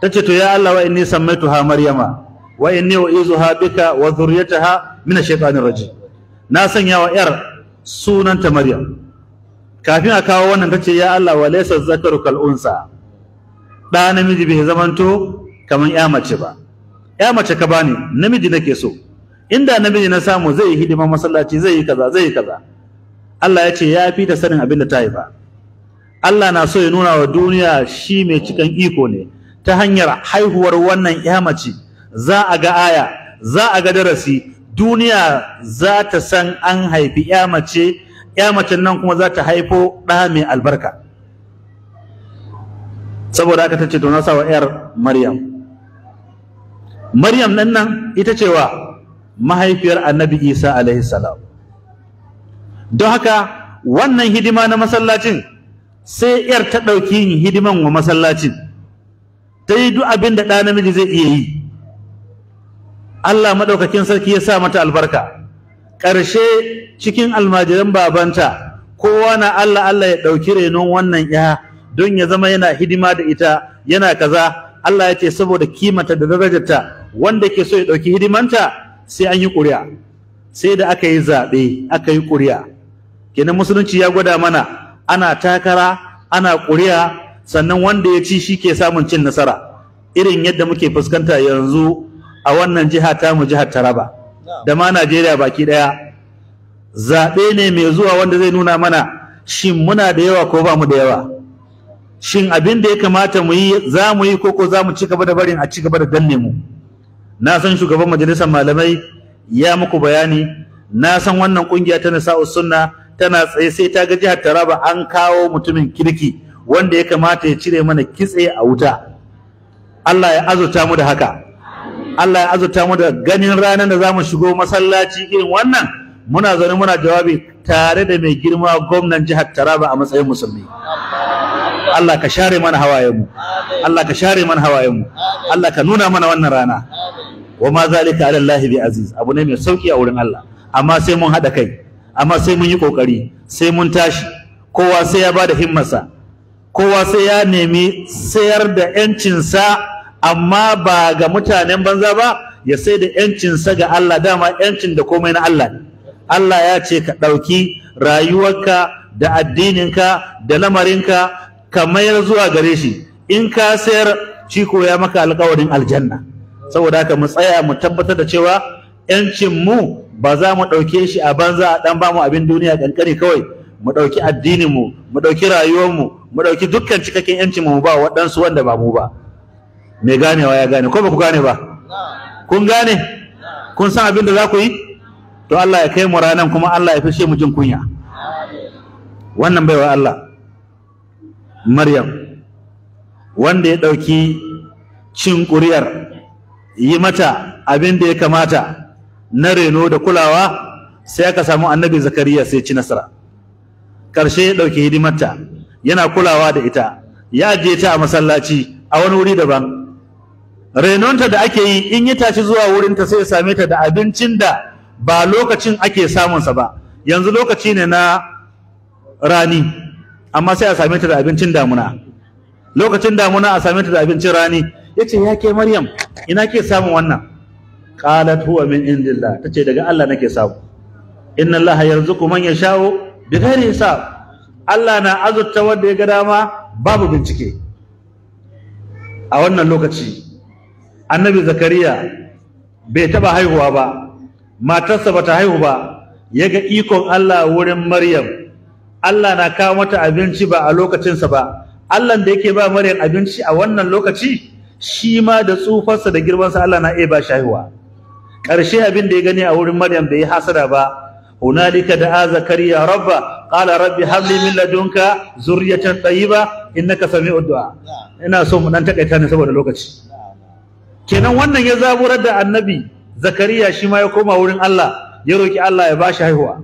ta ce to ya Allah wa inni ha maryama wa inni ha bika wa zuriyata ha mina shaytanir raji. na sanya wa yar sunanta maryam kafin a kawo wannan ce ya Allah wa laysa zakaru kal unsa da namiji bai zamanto kaman ya mace ba ya mace ka bani namiji nake so inda namiji na samu zai yi hidima masallaci zai yi kaza zai yi kaza Allah ya ce ya fi ta sanin abin da ta yi ba Allah na so ya nuna wa duniya shi mai cikin iko ne ta hanyar haihuwar wannan yamaci mace za a ga aya za a ga darasi duniya za ta san an haifi ya mace nan kuma za ta haifo ɗa mai albarka saboda aka tace to na sa wa yar Maryam Maryam nan nan ita ce wa mahaifiyar Annabi Isa alaihi salam don haka wannan hidima na masallacin sai yar ta ɗauki yin hidiman wa masallacin ta yi duk abin da ɗa namiji zai iya yi Allah maɗaukakin sarki ya sa mata albarka ƙarshe cikin almajiran babanta kowa na Allah Allah ya ɗauki renon wannan ya don ya zama yana hidima da ita yana kaza Allah ya ce saboda kimanta da darajarta wanda ke so ya ɗauki hidimanta sai an yi ƙuri'a sai da aka yi zaɓe aka yi ƙuri'a kenan musulunci ya gwada mana ana takara ana ƙuri'a sannan wanda ya ci shi ke samun cin nasara irin yadda muke fuskanta yanzu a wannan jiha ta mu jihar Taraba da ma Najeriya baki ɗaya zaɓe ne mai zuwa wanda zai nuna mana shin muna da yawa ko ba mu da yawa shin abin da ya kamata mu yi za mu yi ko za mu ci gaba da barin a ci gaba da danne mu na san shugaban majalisar malamai ya muku bayani na san wannan kungiya ta nasa'u sunna tana tsaye sai ta ga jihar Taraba an kawo mutumin kirki wanda ya kamata ya cire mana kitse a wuta Allah ya azurta mu da haka Allah ya azurta mu da ganin ranar da zamu shigo masallaci irin wannan muna zaune muna jawabi tare da mai girma gwamnan jihar Taraba a matsayin musulmi Allah ka share mana hawayenmu Allah ka share mana hawayenmu Allah ka nuna mana wannan rana wa ma zalika ala Allah bi aziz abu ne mai sauki a wurin Allah amma sai mun hada kai amma sai mun yi ƙoƙari sai mun tashi kowa sai ya ba bada himmarsa kowa sai ya nemi sayar da yancinsa amma ba ga mutanen banza ba ya sai da yancinsa ga Allah dama yancin da komai na Allah ne Allah ya ce ka ɗauki rayuwarka da addininka da lamarinka ka mayar zuwa gare shi in ka sayar shi ya maka alƙawarin aljanna saboda haka mu tsaya mu tabbatar da cewa yancin mu ba za mu ɗauke shi a banza a ɗan bamu abin duniya ƙanƙani kawai mu ɗauki addininmu mu ɗauki rayuwarmu mu ɗauki dukkan cikakken ƴancinmu mu ba waɗansu wanda ba mu ba mai ganewa ya gane ko ba ku gane ba kun gane kun san abin da za ku yi to Allah ya kai mu ranan kuma Allah ya fishe mu jin kunya wannan baiwa Allah Maryam wanda ya ɗauki cin ƙuri'ar yi mata abin da ya kamata na reno da kulawa sai aka samu annabi zakariya sai ci nasara karshe ya dauki hidimarta yana kulawa da ita ya ajiye ta a masallaci a wani wuri daban renonta da ake yi in ya tashi zuwa wurinta sai ya same ta da abincin da ba lokacin ake samunsa ba yanzu lokaci ne na rani amma sai a same ta da abincin damuna lokacin damuna a same ta da abincin rani yace ya ke maryam ina ke samun wannan qalat huwa min indillah tace daga Allah nake samu inna Allah yarzuqu man yasha'u bighairi hisab Allah na azurta wanda ya ga dama babu bincike a wannan lokaci annabi zakariya bai taba haihuwa ba matarsa bata haihu ba yaga ikon Allah wurin maryam Allah na kawo mata abinci ba a lokacinsa ba Allah da yake ba maryam abinci a wannan lokaci shi ma da tsufarsa da sa Allah na iya ba shi haihuwa Karshe abin da ya gani a wurin maryam bai yi hasara ba hunalika da زكريا rabba qala rabbi habli min ta لدنك tayyiba innaka naka du'a ina so mu dan takaita ne saboda lokaci kenan wannan ya zaburar da annabi zakariya shi ma ya koma wurin Allah ya roki Allah ya bashi haihuwa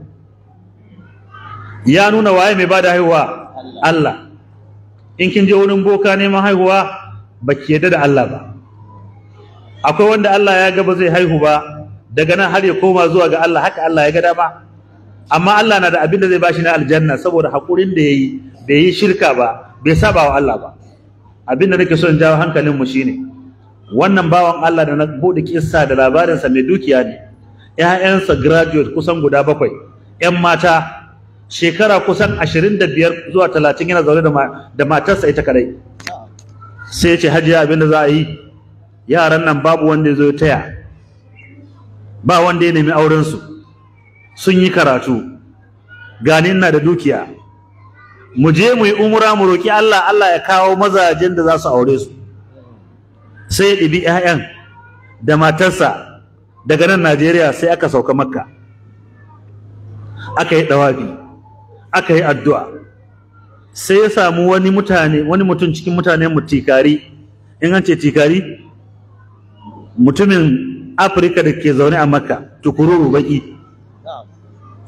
ya nuna waye mai bada haihuwa Allah in kin je wurin boka neman haihuwa baki yadda da Allah ba akwai wanda Allah ya ga ba zai haihu ba daga nan har ya koma zuwa ga Allah haka Allah ya ga dama amma Allah na da abin da zai bashi na aljanna saboda hakurin da yayi bai yi shirka ba bai saba wa Allah ba abin da nake so in jawo hankalin mu shine wannan bawan Allah da na bude kissa da labarin sa mai dukiya ne ƴaƴansa graduate kusan guda bakwai ƴan mata shekara kusan 25 zuwa 30 yana zaune da matarsa ita kadai sai ya ce hajiya abin da za a yi yaran nan babu wanda zai taya ba wanda ya nemi auren su sun yi karatu ganin na da dukiya mu je mu yi umura mu roki Allah Allah ya kawo mazajen da za su aure su sai ya ɗibi 'ya'yan da matarsa daga nan Najeriya sai aka sauka makka aka yi ɗawafi aka yi addu'a sai ya samu wani mutane wani mutum cikin mutanen mutikari tikari in an ce tikari mutumin afirka da ke zaune a makka tukururu baki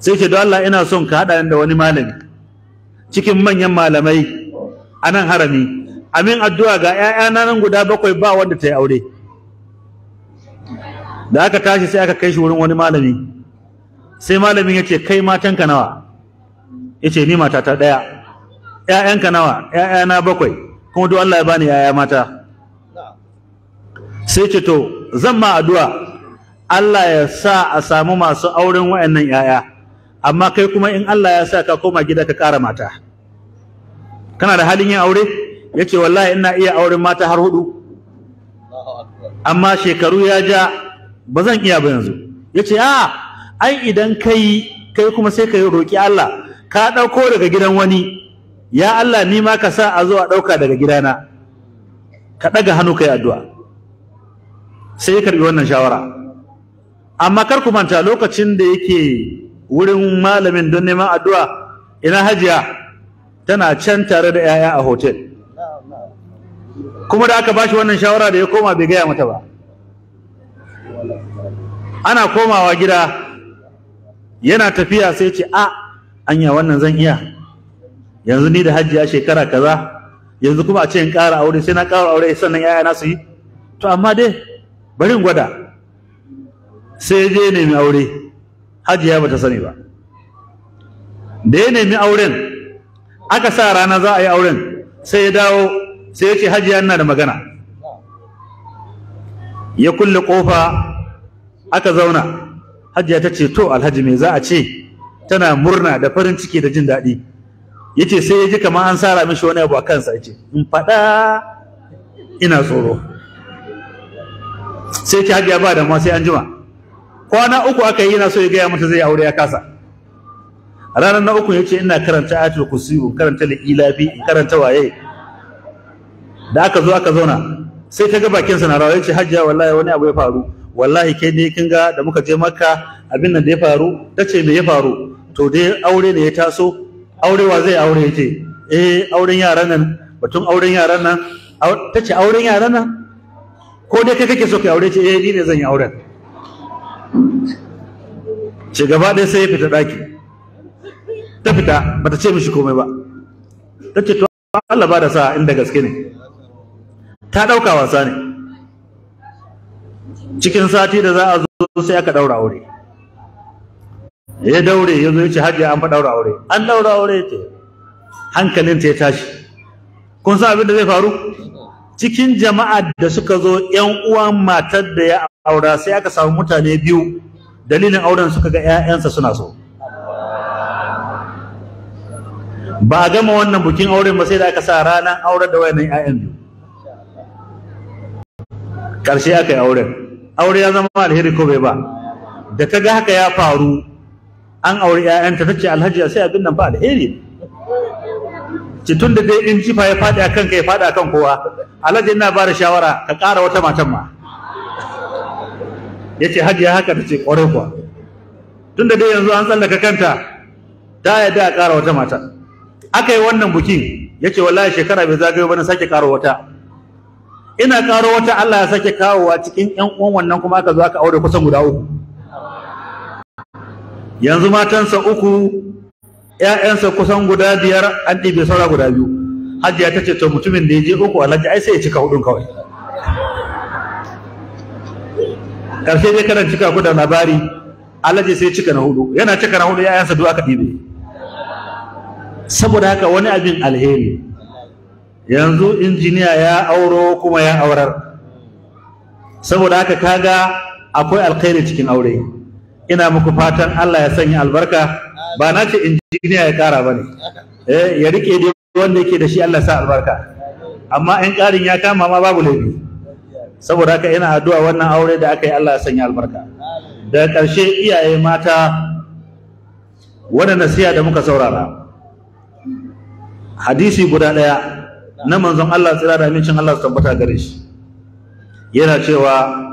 sai ke don Allah ina son ka haɗa da wani malami cikin manyan malamai a nan harami amin addu'a ga 'ya'yana nan guda bakwai ba wanda ta yi aure da aka tashi sai aka kai shi wurin wani malami sai malamin ya ce kai matanka nawa ya ce ni matata ɗaya 'ya'yanka nawa 'ya'yana bakwai kuma don Allah ya bani 'ya'ya mata sai ce to zan ma addu'a Allah ya sa a samu masu auren wayannan yaya amma kai kuma in Allah ya sa ka koma gida ka kara mata kana da halin yin aure yace wallahi ina iya auren mata har hudu amma shekaru ya ja ba zan iya ba yanzu yace a ai idan kai kai kuma sai ka roki Allah ka dauko daga gidan wani ya Allah ni ma ka sa a zo a dauka daga gidana ka daga hannu kai addu'a sai ya karbi wannan shawara amma kar ku manta lokacin da yake wurin malamin don neman addu'a ina hajiya tana can tare da 'ya'ya a hotel kuma da aka bashi wannan shawara da ya koma bai gaya mata ba ana komawa gida yana tafiya sai ce a ah, anya wannan zan iya yanzu ni da hajiya shekara kaza yanzu kuma a ce in ƙara aure sai na ƙara aure sannan 'ya'ya na su yi to amma dai Barin gwada sai je nemi aure hajiya bata sani ba da ya nemi auren aka sa rana za a yi auren sai ya dawo sai ya ce hajiya ina da magana ya kulle kofa aka zauna hajiya ta ce to alhaji me za a ce tana murna da farin ciki da jin daɗi ya ce sai ya ji kama an sara mishi wani abu a kansa ya ce in faɗa ina tsoro sai ta hajiya ba da ma sai an jima kwana uku aka yi yana so ya gaya mata zai aure ya kasa ranar na uku ya ce ina karanta ayatul kursi in karanta la'ila bi in karanta waye da aka zo aka zauna sai ta ga bakin sa na rawa yace hajiya wallahi wani abu ya faru wallahi kai ne kin ga da muka je makka abin nan da ya faru tace me ya faru to dai aure ne ya taso aurewa zai aure yace eh auren yaran nan batun auren yaran nan tace auren yaran nan ko dai kai kake so ka aure ce eh ni ne zan yi auren ce gaba ɗaya sai ya fita daki. ta fita bata ce mishi komai ba ta ce to Allah ba da sa inda gaske ne ta ɗauka wasa ne cikin sati da za a zo sai aka ɗaura aure ya daure ya zo ya ce hajji an fa daura aure an ɗaura aure ce Hankalin ta ya tashi kun san abin da zai faru cikin jama'a da suka zo ƴan uwan matar da ya aura sai aka samu mutane biyu dalilin auren suka ga ƴaƴansa suna so ba a gama wannan bukin auren ba sai da aka sa ranar auren da wayannan ƴaƴan biyu ƙarshe aka yi auren aure ya zama alheri ko bai ba da ga haka ya faru an aure ƴaƴanta tace alhaji sai abin nan ba alheri ci tun da dai in jifa ya faɗi a ka ya faɗi kan kowa alhaji ina ba da shawara ka ƙara wata matan ma Ya ce hajiya haka ta ce ƙwarai kuwa tun da dai yanzu an tsallaka kanta ta yadda a ƙara wata mata aka yi wannan bukin ya ce wallahi shekara bai zagayo ba na sake ƙara wata ina ƙaro wata Allah ya sake kawowa cikin ƴan uwan wannan kuma aka zo aka aure kusan guda uku yanzu matansa uku ƴaƴansa kusan guda biyar an ɗibe saura guda biyu hajiya ta ce to mutumin da ya je uku alhaji ai sai ya cika hudun kawai ƙarshe dai kana cika ku da labari alhaji sai cika na hudu yana cika na hudu ƴaƴansa duk aka ɗibe saboda haka wani abin alheri yanzu injiniya ya auro kuma ya aurar saboda haka kaga akwai alkhairi cikin aure ina muku fatan Allah ya sanya albarka ba na ce injiniya ya kara ba ne eh, ya rike dai wanda yake da shi Allah sa albarka amma in karin ya kama ma babu laifi saboda haka ina addu'a wannan aure da aka yi Allah ya sanya albarka Da karshe iyaye mata wannan nasiha da muka saurara hadisi guda ɗaya na manzon Allah tsira da amincin Allah su tabbata gare shi yana cewa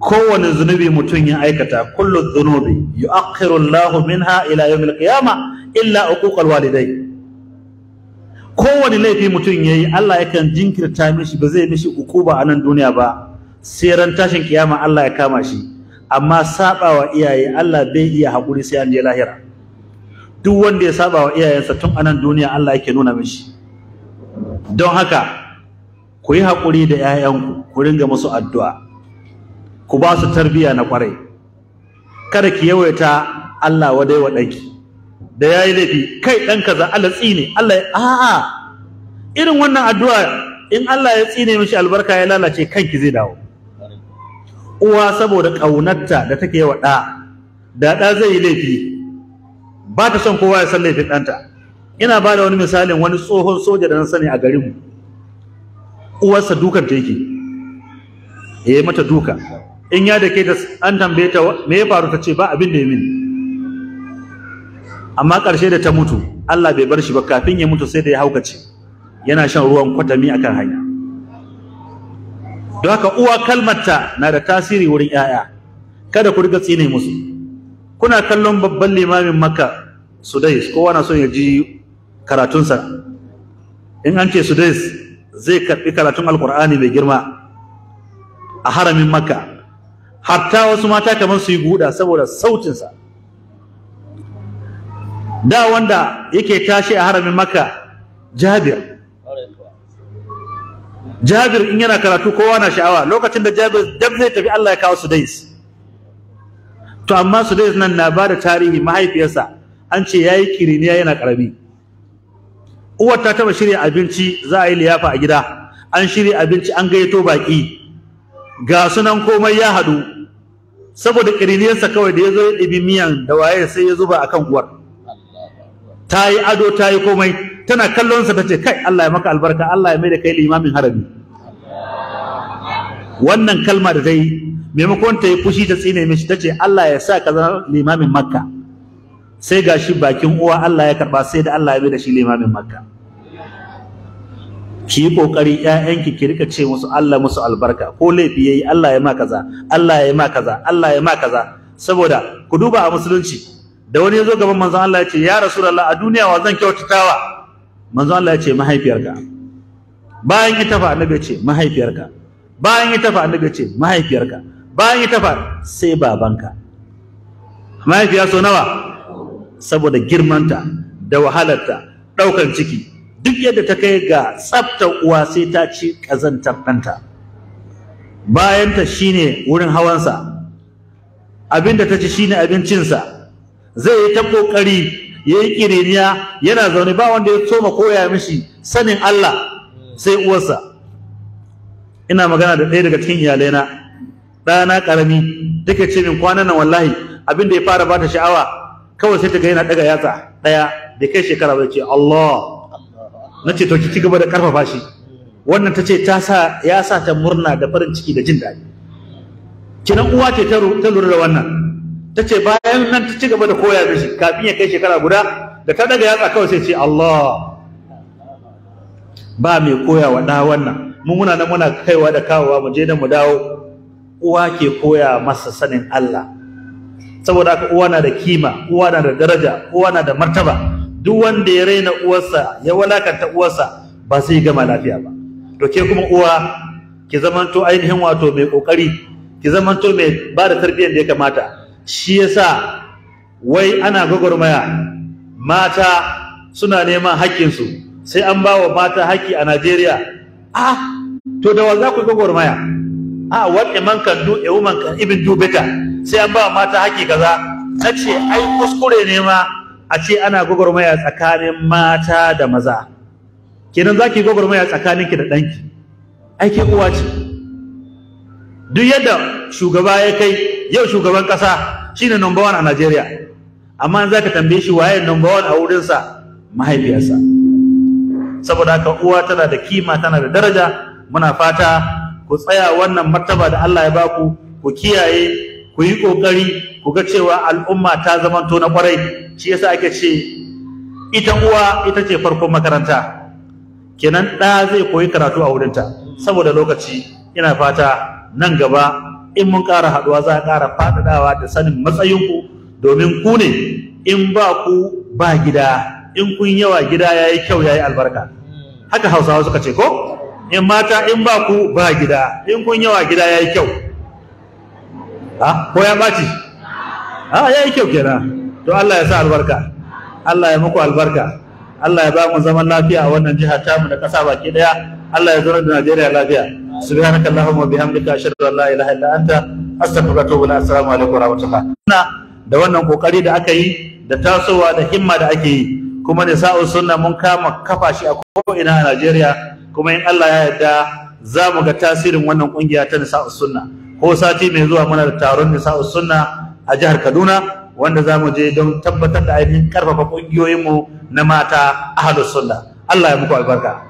kowane zunubi mutum ya aikata kullu zunubi yu'akhiru Allahu minha ila yawmil qiyamah illa uquqal walidai kowane laifi mutum yayi Allah yakan jinkirta mishi ba zai mishi ba a nan duniya ba sai ran tashin kiyama Allah ya kama shi amma sabawa iyaye Allah bai iya haƙuri sai an je lahira duk wanda ya sabawa iyayensa tun nan duniya Allah yake nuna mishi don haka ku yi hakuri da 'ya'yanku ku ringa musu addu'a ku ba su tarbiya na kwarai kada ki yawaita Allah wa dai wa danki da yayi laifi kai danka kaza Allah tsine Allah a'a irin wannan addu'a in Allah ya tsine mishi albarka ya lalace kanki zai dawo uwa saboda kaunarta da take wa da da da zai yi laifi ba ta son kowa ya san laifin ɗanta ina ba da wani misalin wani tsohon soja da na sani a garinmu uwarsa dukan ta yake ya yi mata duka in ya da ke ta an tambaye ta me ya faru ta ce ba abin da ya min. amma karshe da ta mutu Allah bai bar shi ba kafin ya mutu sai da ya haukace yana shan ruwan kwatami akan hanya don haka uwa kalmarta na da tasiri wurin 'ya'ya kada ku riga tsine musu kuna kallon babban limamin makka sudais kowa na son ya ji karatunsa in an ce sudais zai karɓi karatun alkur'ani mai girma a haramin makka hatta wasu mata kamar su yi guda saboda sautinsa da wanda yake tashi a haramin maka jabir jabir in yana karatu kowa na sha'awa lokacin da jabir dab zai tafi allah ya kawo su dais to amma su dais nan na ba da tarihi mahaifiyarsa an ce ya yi kiriniya yana karami uwar ta taba shirya abinci za a yi liyafa a gida an shirya abinci an gayyato baki ga sunan komai ya haɗu saboda ƙiriniyarsa kawai da yazo zo ya ɗibi miyan da waye sai ya zuba akan uwar tayi ado tayi yi komai tana kallonsa ta ce kai Allah ya maka albarka Allah ya mai da kai limamin harami wannan kalmar da ta yi maimakon ta yi fushi ta tsine mishi ta ce Allah ya sa ka zama limamin makka sai gashi bakin uwa Allah ya karba sai da Allah ya mai da shi limamin makka ki yi kokari ƴaƴanki ki rika ce musu Allah musu albarka ko laifi yayi Allah ya ma kaza Allah ya ma kaza Allah ya ma kaza saboda ku duba a musulunci da wani yazo gaban manzon Allah ya ce ya rasulullah a duniya wa zan kyautatawa manzon Allah ya ce mahaifiyarka bayan ita fa annabi ya ce mahaifiyarka bayan ita fa annabi ya ce mahaifiyarka bayan ita fa sai babanka mahaifiya so nawa saboda girmanta da wahalarta daukan ciki duk yadda ta kai ga tsaftar uwa sai ta ci ƙazantar ɗanta bayanta shine wurin hawansa abinda ta ci shine abincinsa zai yi ta ƙoƙari ya yi ƙiriniya yana zaune ba wanda ya soma koya mishi sanin Allah sai uwarsa ina magana da ɗaya daga cikin iyalaina ɗana ƙarami take ce min kwanan nan wallahi abinda ya fara bata sha'awa kawai sai ta ga yana ɗaga yatsa ɗaya da kai shekara bai ce Allah na ce to ki ci gaba da karfafa shi wannan ta ce ta ya sa ta murna da farin ciki da jin daɗi kinan uwa ce ta lura da wannan ta ce bayan nan ta ci gaba da koya da kafin ya kai shekara guda da ta daga yatsa kawai sai ce Allah ba mai koya wa ɗa wannan mun muna nan muna kaiwa da kawowa mu je da mu dawo uwa ke koya masa sanin Allah saboda haka uwa na da kima uwa na da daraja uwa na da martaba duk wanda ya raina uwarsa ya walakanta uwarsa ba sai ya gama lafiya ba to ke kuma uwa ki zamanto ainihin wato mai kokari ki zamanto mai ba da tarbiyyar da ya kamata shi yasa wai ana gwagwarmaya mata suna neman haƙƙinsu sai an ba wa mata haƙƙi a Najeriya ah to da wa za ku gwagwarmaya a what a man can do a woman can even do better sai an ba mata haƙƙi kaza nace ai kuskure ne ma a ce ana gwagwarmaya tsakanin mata da maza kenan za ki gwagwarmaya tsakaninki da ɗanki aikin uwa ce duk yadda shugaba ya kai yau shugaban ƙasa shine number 1 a Najeriya amma an zaka tambaye shi waye number 1 a wurinsa mahaifiyarsa saboda haka uwa tana da kima tana da daraja muna fata ku tsaya wannan martaba da Allah ya baku ku kiyaye ku yi kokari ku ga cewa al'umma ta zamanto na kwarai shi yasa ake ce ita uwa ita ce farkon makaranta kenan da zai koyi karatu a wurinta saboda lokaci ina fata nan gaba in mun ƙara haɗuwa za a ƙara faɗaɗawa da sanin matsayinku domin ku ne in ba ku ba gida in kun yawa gida ya yi kyau ya yi albarka haka hausawa suka ce ko in mata in ba ku ba gida in kun yawa gida ya yi kyau ah, ko ya ɓaci ah, ya yi kyau kenan to Allah ya sa albarka Allah ya muku albarka Allah ya ba mu zaman lafiya a wannan jiha tamu da ƙasa baki daya Allah ya zauna da Najeriya lafiya subhanakallahumma bihamdika ashhadu an la ilaha illa anta astaghfiruka wa assalamu alaikum wa rahmatullah da wannan kokari da aka yi da tasowa da himma da ake yi kuma da sa'u sunna mun kama kafa shi a ko'ina a Najeriya kuma in Allah ya yarda za mu ga tasirin wannan kungiya ta Nisa'u sunna ko sati mai zuwa muna da taron Nisa'u sunna a jihar Kaduna wanda za mu je don tabbatar da ainihin karfafa mu na mata a sunna Allah ya muku albarka